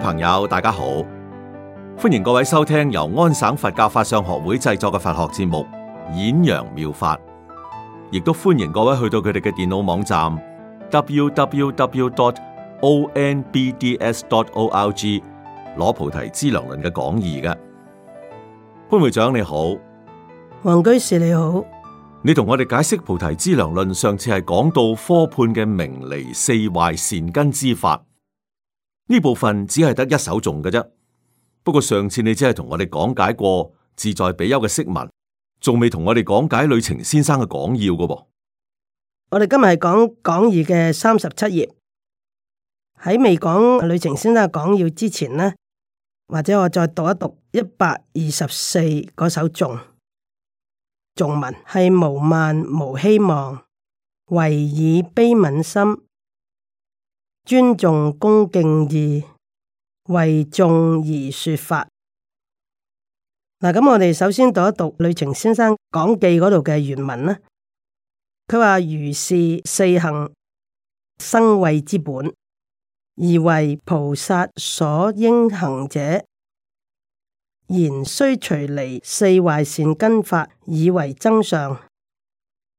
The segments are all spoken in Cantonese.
朋友，大家好，歡迎各位收聽由安省佛教法相學會製作嘅佛學節目《演揚妙，妙法》，亦都歡迎各位去到佢哋嘅電腦網站 www.dot.onbds.dot.org 攞《菩提資糧論》嘅講義嘅。潘會長你好，黃居士你好，你同我哋解釋《菩提資糧論》，上次係講到科判嘅明離四壞善根之法。呢部分只係得一首頌嘅啫。不過上次你只係同我哋講解過自在比丘嘅釋文，仲未同我哋講解呂澂先生嘅講義噶、哦。我哋今日係講講義嘅三十七頁，喺未講呂澂先生嘅講義之前呢，或者我再讀一讀一百二十四嗰首頌頌文，係無慢無希望，唯以悲憫心。尊重恭敬義，為眾而說法。嗱，咁我哋首先讀一讀呂澄先生講記嗰度嘅原文啦。佢話如是四行生慧之本，而為菩薩所應行者，然須除離四壞善根法，以為增上。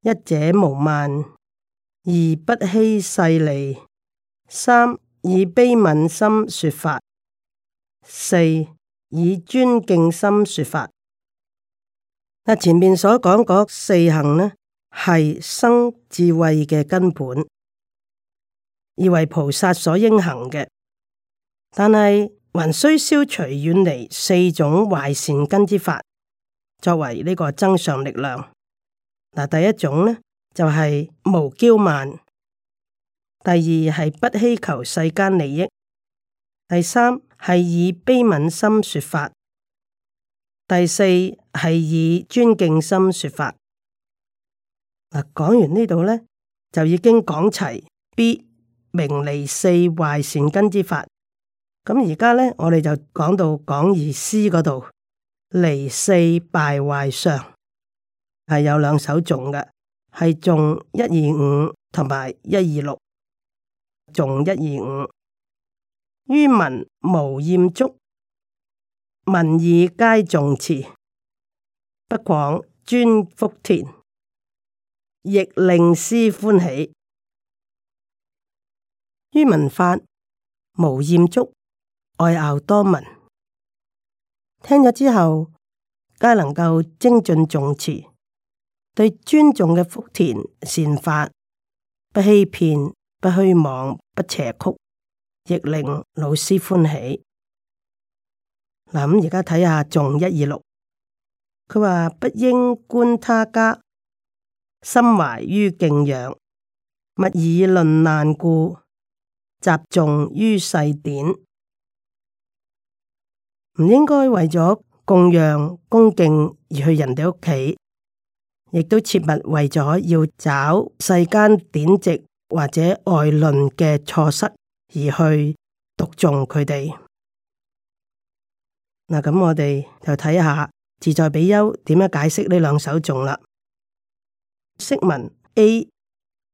一者無慢，而不欺世利。三以悲憫心說法，四以尊敬心說法。嗱，前面所講嗰四行呢，係生智慧嘅根本，而為菩薩所應行嘅。但係還需消除遠離四種壞善根之法，作為呢個增上力量。嗱，第一種呢，就係、是、無驕慢。第二係不希求世間利益，第三係以悲憫心說法，第四係以尊敬心說法。嗱，講完呢度咧，就已經講齊必明離四壞善根之法。咁而家咧，我哋就講到講義詩嗰度，離四敗壞相」，係有兩首頌嘅，係頌一二五同埋一二六。頌一二五於聞無厭足，聞已皆誦持。不誑尊福田，亦令師歡喜。於聞法無厭足，愛樂多聞。聽咗之後，皆能夠精進誦持，對尊重嘅福田善法，不欺騙。不虛妄，不邪曲，亦令老師歡喜。嗱咁，而家睇下眾一二六，佢話不應觀他家，心懷於敬仰，勿以論難故，集眾於世典。唔應該為咗供養恭敬而去人哋屋企，亦都切勿為咗要找世間典籍，或者外論嘅錯失而去讀誦佢哋。嗱咁我哋就睇下自在比丘點樣解釋呢兩首頌啦。釋文 A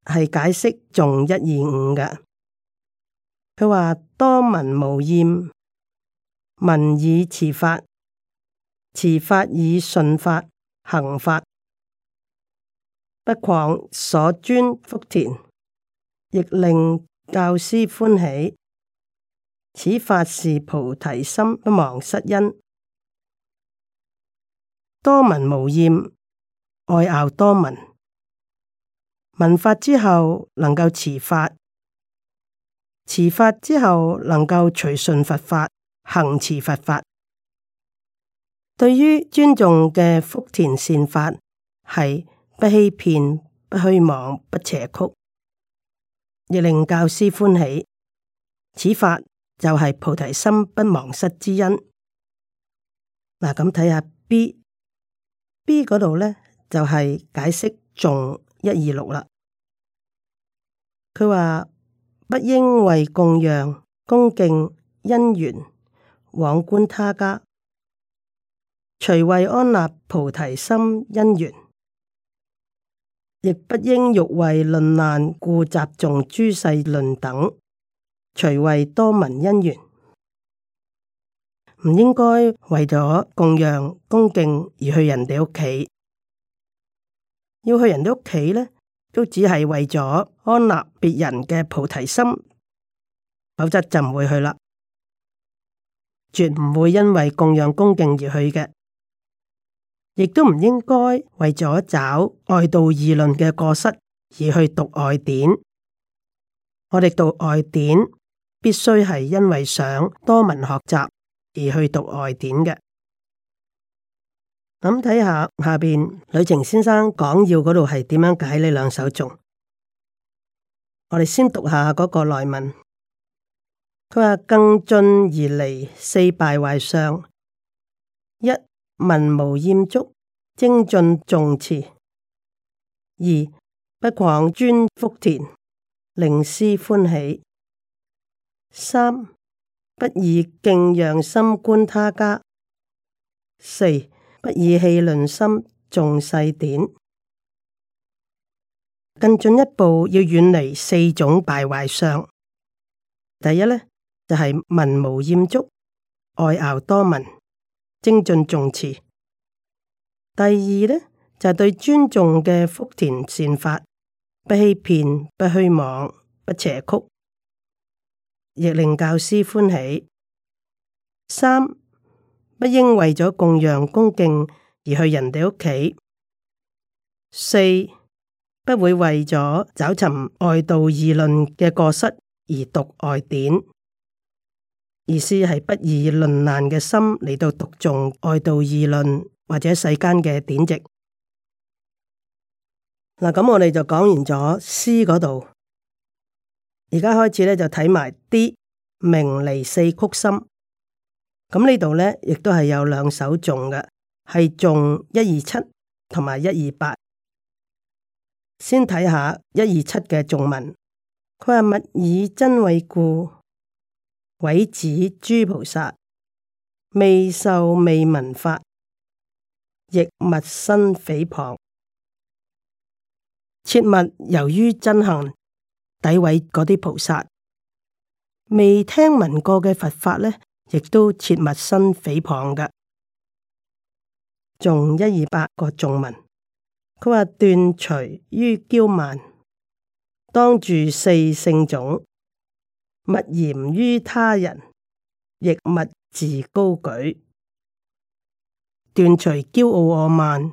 係解釋頌一二五嘅，佢話多聞無厭，聞以持法，持法以信法行法，不曠所尊福田。亦令教師歡喜，此法是菩提心，不忘失因，多聞無厭，愛咬多聞。聞法之後能夠持法，持法之後能夠隨順佛法，行持佛法。對於尊重嘅福田善法，係不欺騙、不虛妄、不邪曲。亦令教師歡喜，此法就係菩提心，不忘失之因」啊。嗱，咁睇下 B B 嗰度咧，就係、是、解釋重一二六啦。佢話，不應為供養恭敬因緣往觀他家，除為安立菩提心因緣。亦不應欲為論難，故雜眾諸世論等，除為多聞因緣，唔應該為咗供養恭敬而去人哋屋企。要去人哋屋企咧，都只係為咗安立別人嘅菩提心，否則就唔會去啦，絕唔會因為供養恭敬而去嘅。亦都唔應該為咗找外道議論嘅過失而去讀外典。我哋讀外典必須係因為想多文學習而去讀外典嘅。諗、嗯、睇下下邊呂澂先生講要嗰度係點樣解呢兩首頌。我哋先讀下嗰個內文。佢話更進而嚟，四敗壞相一。文無厭足，精進眾慈；二不狂尊福田，靈思歡喜；三不以敬讓心觀他家；四不以氣論心重世典。更進一步，要遠離四種敗壞相。第一呢就係、是、文無厭足，愛傲多聞。精進重視。第二呢就係，對尊重嘅福田善法，不欺騙，不虛妄，不邪曲，亦令教師歡喜。三不應為咗供養恭敬而去人哋屋企。四不會為咗找尋外道議論嘅過失而讀外典。意思係不以論難嘅心嚟到讀誦，外道議論或者世間嘅典籍。嗱，咁我哋就講完咗詩嗰度，而家開始咧就睇埋啲名利四曲心。咁呢度咧亦都係有兩首頌，嘅係頌一二七同埋一二八。先睇下一二七嘅頌文，佢話勿以真為故。鬼子諸菩薩未受未聞法，亦勿生誹謗。切勿由於憎恨詆毀嗰啲菩薩未聽聞過嘅佛法呢，亦都切勿生誹謗噶。仲一二百個眾文，佢話斷除於驕慢，當住四聖種。勿嚴於他人，亦勿自高舉。斷除驕傲傲慢，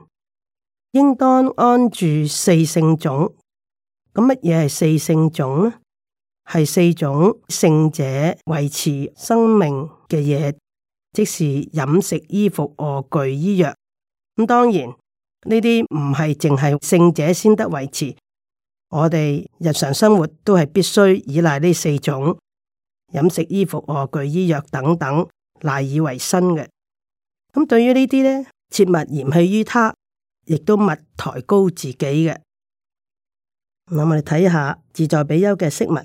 應當安住四聖種。咁乜嘢係四聖種啊？係四種聖者維持生命嘅嘢，即是飲食、衣服、臥具、醫藥。咁當然呢啲唔係淨係聖者先得維持，我哋日常生活都係必須依賴呢四種。飲食、衣服、臥具、醫藥等等，賴以為生嘅。咁對於呢啲咧，切勿嫌棄於他，亦都勿抬高自己嘅。我哋睇下自在比丘嘅釋文。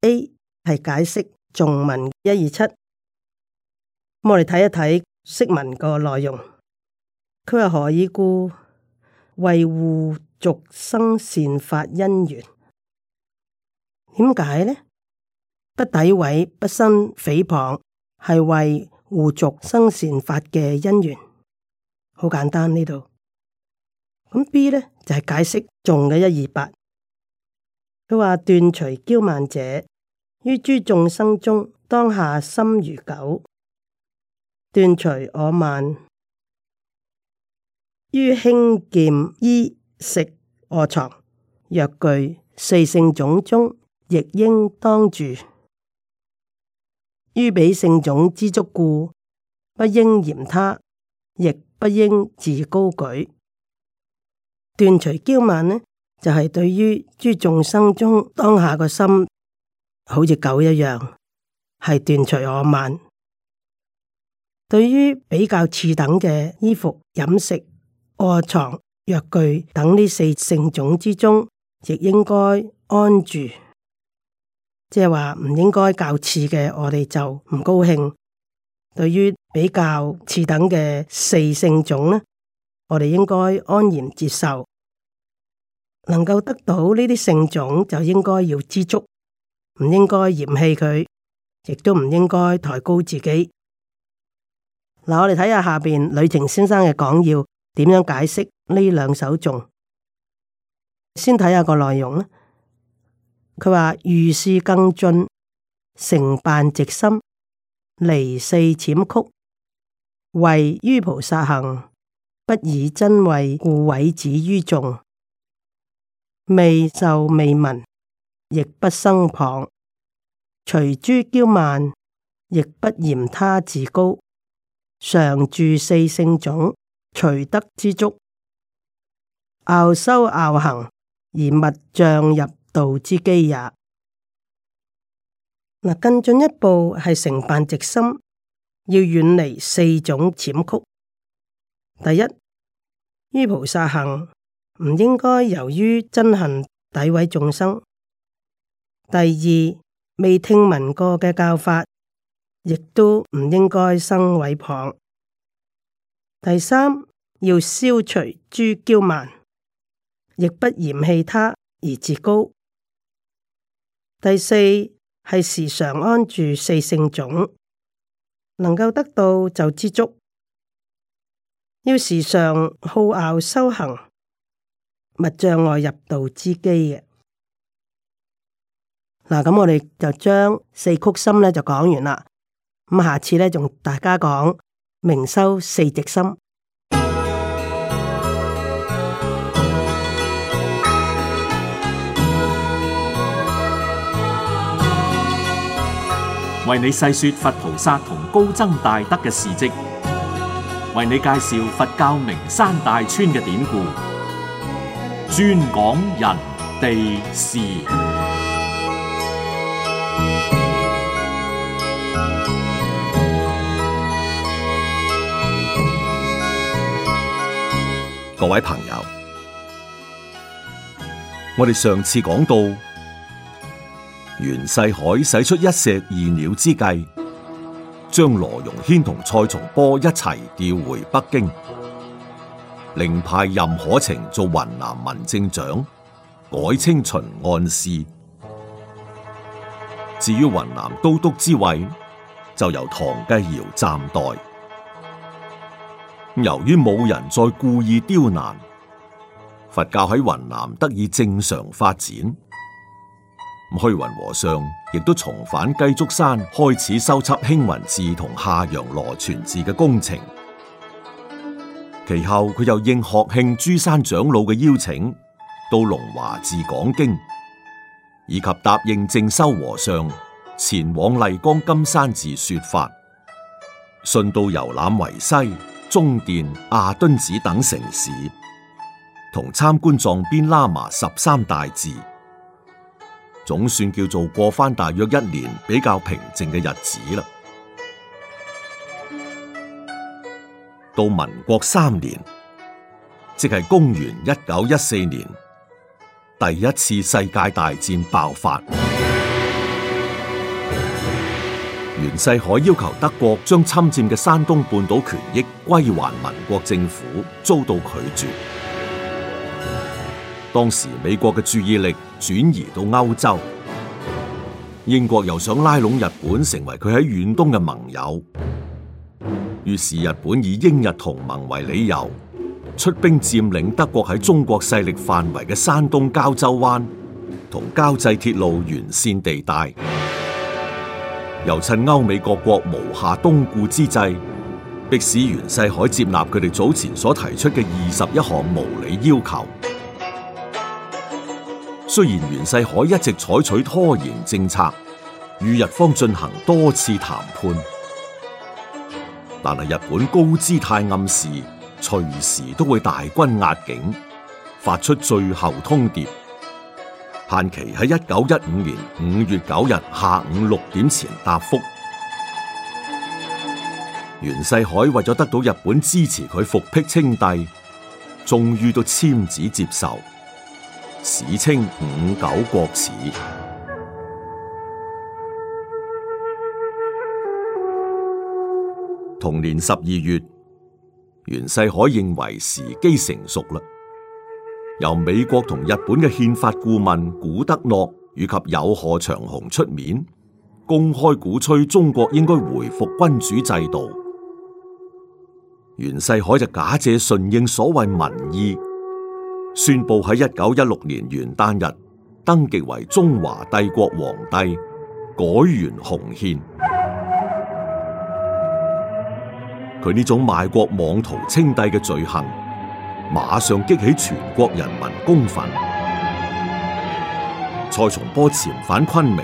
A 係解釋眾文一二七。我哋睇一睇釋文個內容。佢話何以故？為護俗生善法因緣。點解呢？不詆毀，不生誹謗，係為護續生善法嘅因緣，好簡單呢度。咁 B 呢就係、是、解釋眾嘅一二八，佢話斷除憍慢者於諸眾生中當下心如狗，斷除我慢於輕賤衣食臥床，若具四聖種中，亦應當住。於彼聖種之足故，不應嫌他，亦不應自高舉。斷除驕慢呢，就係、是、對於諸眾生中當下個心，好似狗一樣，係斷除傲慢。對於比較次等嘅衣服、飲食、卧床、藥具等呢四聖種之中，亦應該安住。即係話唔應該較次嘅，我哋就唔高興。對於比較次等嘅四聖種呢，我哋應該安然接受。能夠得到呢啲聖種就應該要知足，唔應該嫌棄佢，亦都唔應該抬高自己。嗱，我哋睇下下邊呂澄先生嘅講要點樣解釋呢兩首頌，先睇下個內容啦。佢話：遇事更進，成辦直心，離四淺曲，為於菩薩行，不以真慧故，委止於眾，未就未聞，亦不生旁，隨諸嬌慢，亦不嫌他自高，常住四聖種，隨得知足，傲修傲行，而密障入。道之基也。嗱，更進一步係承辦直心，要遠離四種淺曲。第一，於菩薩行唔應該由於憎恨詆毀眾生；第二，未聽聞過嘅教法，亦都唔應該生毀謗；第三，要消除諸驕慢，亦不嫌棄他而自高。第四，係時常安住四聖種，能夠得到就知足，要時常好好修行，勿障礙入道之機嘅。嗱，咁我哋就將四曲心咧就講完啦。咁下次咧仲大家講明修四直心。為你細說佛菩薩、同高僧大德嘅事跡，為你介紹佛教名山大川嘅典故，專講人地事。各位朋友，我哋上次講到。袁世凱使出一石二鳥之計，將羅榮軒同蔡松波一齊調回北京，另派任可澄做雲南民政長，改稱巡按使。至於雲南都督之位，就由唐繼堯暫代。由於冇人再故意刁難，佛教喺雲南得以正常發展。虛雲和尚亦都重返雞足山，開始修葺興雲寺同下陽羅泉寺嘅工程。其後佢又應學慶諸山長老嘅邀請，到龍華寺講經，以及答應正修和尚前往麗江金山寺說法，順道遊覽維西、中甸、阿墩子等城市，同參觀藏邊喇嘛十三大寺。總算叫做過翻大約一年比較平靜嘅日子啦。到民國三年，即係公元一九一四年，第一次世界大戰爆發。袁世凱要求德國將侵佔嘅山東半島權益歸還民國政府，遭到拒絕。當時美國嘅注意力。轉移到歐洲，英國又想拉攏日本成為佢喺遠東嘅盟友，於是日本以英日同盟為理由，出兵佔領德國喺中國勢力範圍嘅山東膠州灣同膠濟鐵路沿綫地帶，又趁歐美各國無暇東顧之際，迫使袁世凱接納佢哋早前所提出嘅二十一項無理要求。雖然袁世凱一直採取拖延政策，與日方進行多次談判，但係日本高姿態暗示隨時都會大軍壓境，發出最後通牒，限期喺一九一五年五月九日下午六點前答覆。袁世凱為咗得到日本支持，佢復辟稱帝，終於都簽字接受。史稱五九國恥。同年十二月，袁世凱認為時機成熟啦，由美國同日本嘅憲法顧問古德諾以及有賀長雄出面，公開鼓吹中國應該回復君主制度。袁世凱就假借順應所謂民意。宣佈喺一九一六年元旦日登記為中華帝國皇帝，改元洪憲。佢呢種賣國妄圖稱帝嘅罪行，馬上激起全國人民公憤。蔡松波潛返昆明，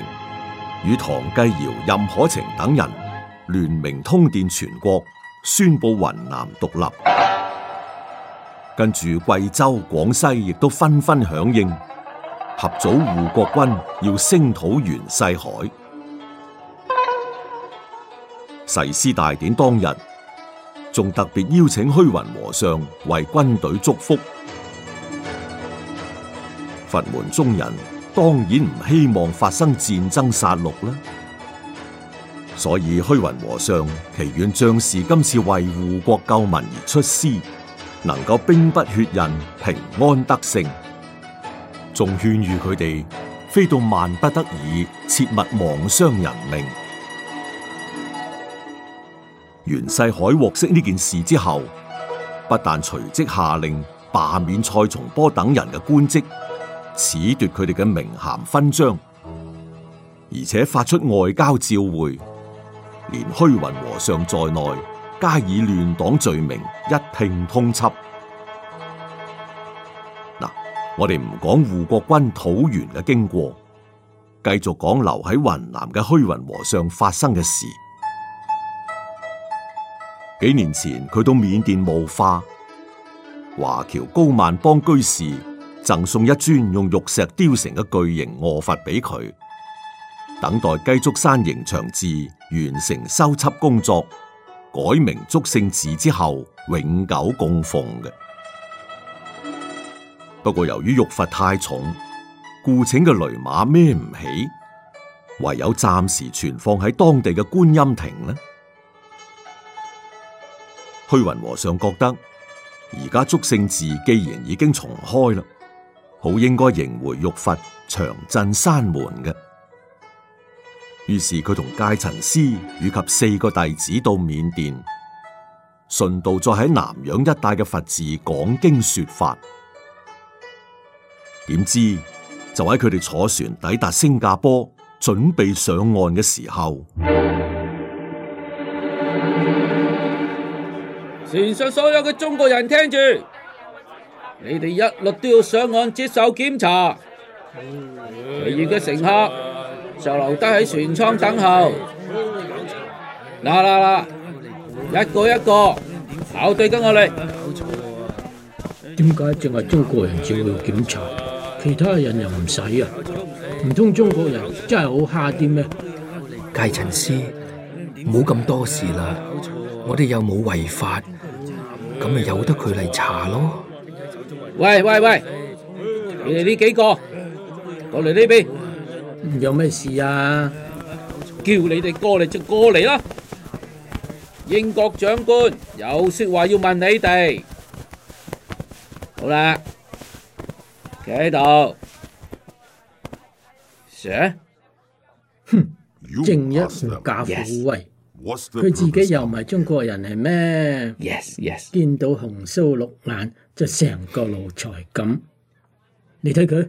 與唐繼堯、任可晴等人聯名通電全國，宣佈雲南獨立。跟住貴州、廣西亦都紛紛響應，合組護國軍要，要聲討袁世凱。誓師大典當日，仲特別邀請虛雲和尚為軍隊祝福。佛門中人當然唔希望發生戰爭殺戮啦，所以虛雲和尚祈願將士今次為護國救民而出師。能夠兵不血刃平安得勝，仲勸喻佢哋非到萬不得已，切勿妄傷人命。袁世凱獲悉呢件事之後，不但隨即下令罷免蔡松坡等人嘅官職，褫奪佢哋嘅名銜勳章，而且發出外交照會，連虛雲和尚在內。加以亂黨罪名一併通緝。嗱，我哋唔講護國軍討袁嘅經過，繼續講留喺雲南嘅虛雲和尚發生嘅事。幾年前，佢到緬甸募化華僑高萬邦居士贈送一尊用玉石雕成嘅巨型卧佛俾佢，等待雞足山迎祥寺，完成修葺工作。改名祝聖寺之後，永久供奉嘅。不過由於玉佛太重，僱請嘅雷馬孭唔起，唯有暫時存放喺當地嘅觀音亭呢。虛雲和尚覺得，而家祝聖寺既然已經重開啦，好應該迎回玉佛，長鎮山門嘅。於是佢同戒塵師以及四個弟子到緬甸，順道再喺南洋一帶嘅佛寺講經說法。點知就喺佢哋坐船抵達新加坡，準備上岸嘅時候，船上所有嘅中國人，聽住，你哋一律都要上岸接受檢查，其餘嘅乘客。就留低喺船艙等候，嗱嗱嗱，一個一個排隊跟我嚟。點解淨係中國人照要檢查，其他人又唔使啊？唔通中國人真係好蝦啲咩？戒塵師，冇咁多事啦，我哋又冇違法，咁咪由得佢嚟查咯。喂喂喂，你哋呢幾個過嚟呢邊。有咩事啊？叫你哋過嚟就過嚟啦！英國長官有說話要問你哋，好啦，企喺度，上，哼，正一狐假虎威，佢自己又唔係中國人，係咩？見到紅鬚綠眼就成個奴才咁，你睇佢，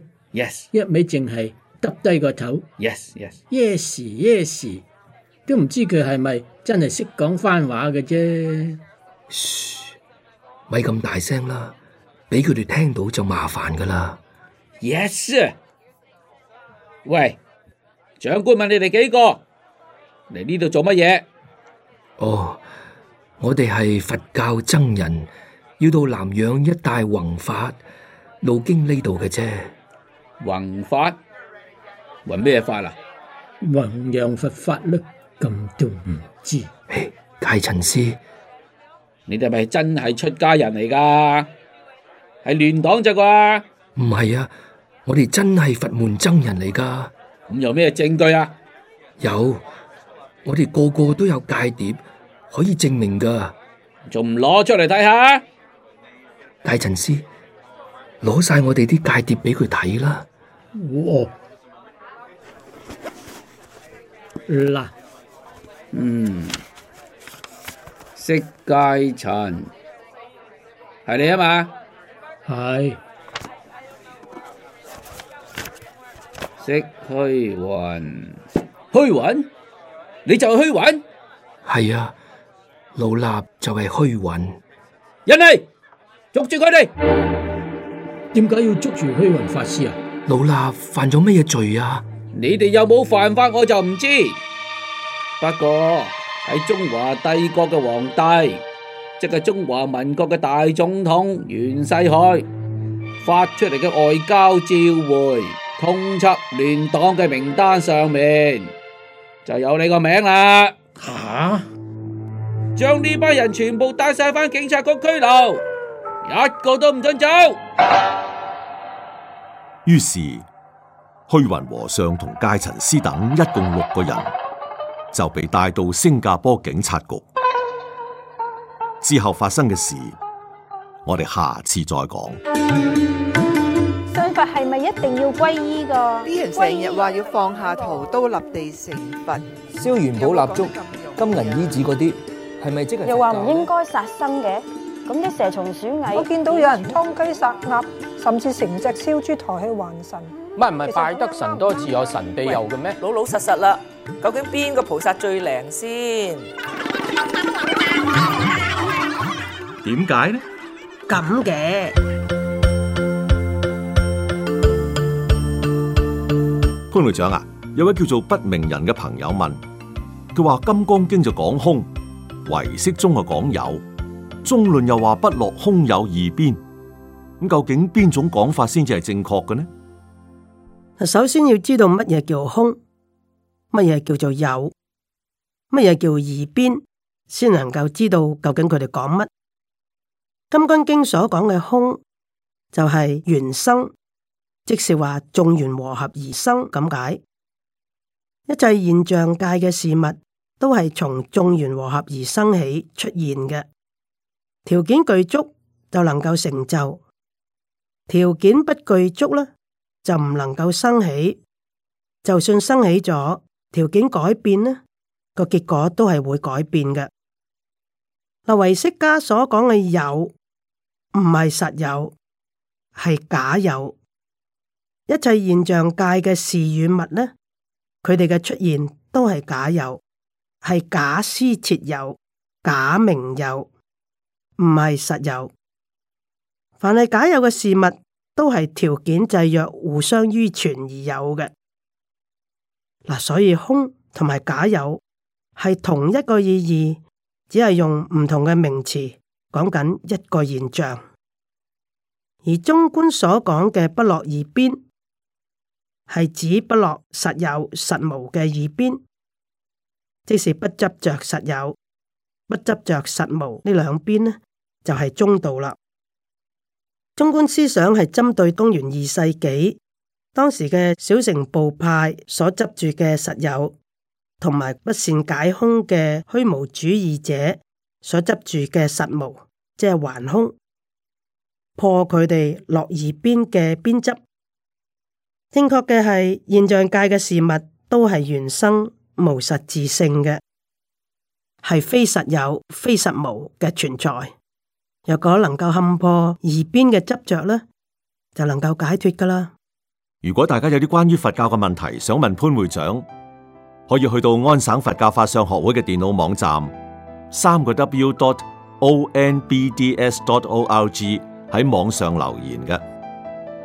一味淨係。揼低個頭，yes yes. yes yes 都唔知佢係咪真係識講番話嘅啫。噓，咪咁大聲啦，畀佢哋聽到就麻煩噶啦。Yes。喂，長官問你哋幾個嚟呢度做乜嘢？哦，我哋係佛教僧人，要到南洋一帶弘法，路經呢度嘅啫。弘法。云咩法啊？弘揚佛法咯，咁都唔知。Hey, 戒塵師，你哋係咪真係出家人嚟噶？係亂黨咋啩？唔係啊，我哋真係佛門僧人嚟噶。咁有咩證據啊？有，我哋個個都有戒牒，可以證明噶。仲唔攞出嚟睇下？戒塵師，攞晒我哋啲戒牒畀佢睇啦。嗱，嗯，色界塵係你啊嘛？係色虛雲，虛雲你就虛雲，係啊，老衲就係虛雲。人嚟，捉住佢哋。點解要捉住虛雲法師啊？老衲犯咗咩嘢罪啊？你哋有冇犯法，我就唔知，不過喺中華帝國嘅皇帝，即係中華民國嘅大總統袁世凱發出嚟嘅外交照會通緝亂黨嘅名單上面，就有你個名啦。吓、啊！將呢班人全部帶晒返警察局拘留，一個都唔准走。於是。虛雲和尚同戒塵師等一共六個人就被帶到新加坡警察局。之後發生嘅事，我哋下次再講。信佛係咪一定要皈依噶？啲人成日話要放下屠刀立地成佛，燒元寶、蠟燭、金銀衣紙嗰啲，係咪即係？又話唔應該殺生嘅，咁啲蛇蟲鼠蟻，我見到有人劏雞殺鴨，甚至成隻燒豬抬去還神。唔係唔係，拜得神多自有神庇佑嘅咩？老老實實啦，究竟邊個菩薩最靈先？點解咧？咁嘅潘會長啊，有位叫做不明人嘅朋友問，佢話《金剛經》就講空，唯識宗啊講有，中論又話不落空有二邊，咁究竟邊種講法先至係正確嘅呢？首先要知道乜嘢叫空，乜嘢叫做有，乜嘢叫二邊，先能夠知道究竟佢哋講乜。金剛經所講嘅空就係緣生，即是話眾緣和合而生咁解。一切現象界嘅事物都係從眾緣和合而生起出現嘅，條件具足就能夠成就，條件不具足啦。就唔能夠生起，就算生起咗，條件改變呢，個結果都係會改變嘅。那唯識家所講嘅有，唔係實有，係假有。一切現象界嘅事與物呢，佢哋嘅出現都係假有，係假施設有，假名有，唔係實有。凡係假有嘅事物，都係條件制約、互相依存而有嘅嗱，所以空同埋假有係同一個意義，只係用唔同嘅名詞講緊一個現象。而中觀所講嘅不落二邊，係指不落實有實無嘅二邊，即是不執着實有、不執着實無呢兩邊呢，就係、是、中道啦。中觀思想係針對公元二世紀當時嘅小乘部派所執住嘅實有，同埋不善解空嘅虛無主義者所執住嘅實無，即係頑空，破佢哋落二邊嘅邊執。正確嘅係現象界嘅事物都係原生無實質性嘅，係非實有、非實無嘅存在。若果能夠撼破二邊嘅執着咧，就能夠解脱噶啦。如果大家有啲關於佛教嘅問題想問潘會長，可以去到安省佛教法相學會嘅電腦網站，三個 W dot O N B D S dot O R G 喺網上留言嘅，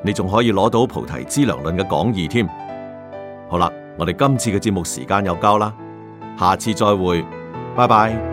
你仲可以攞到《菩提資糧論》嘅講義添。好啦，我哋今次嘅節目時間又夠啦，下次再會，拜拜。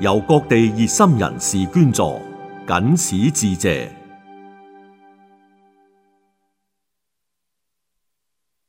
由各地熱心人士捐助，謹此致謝。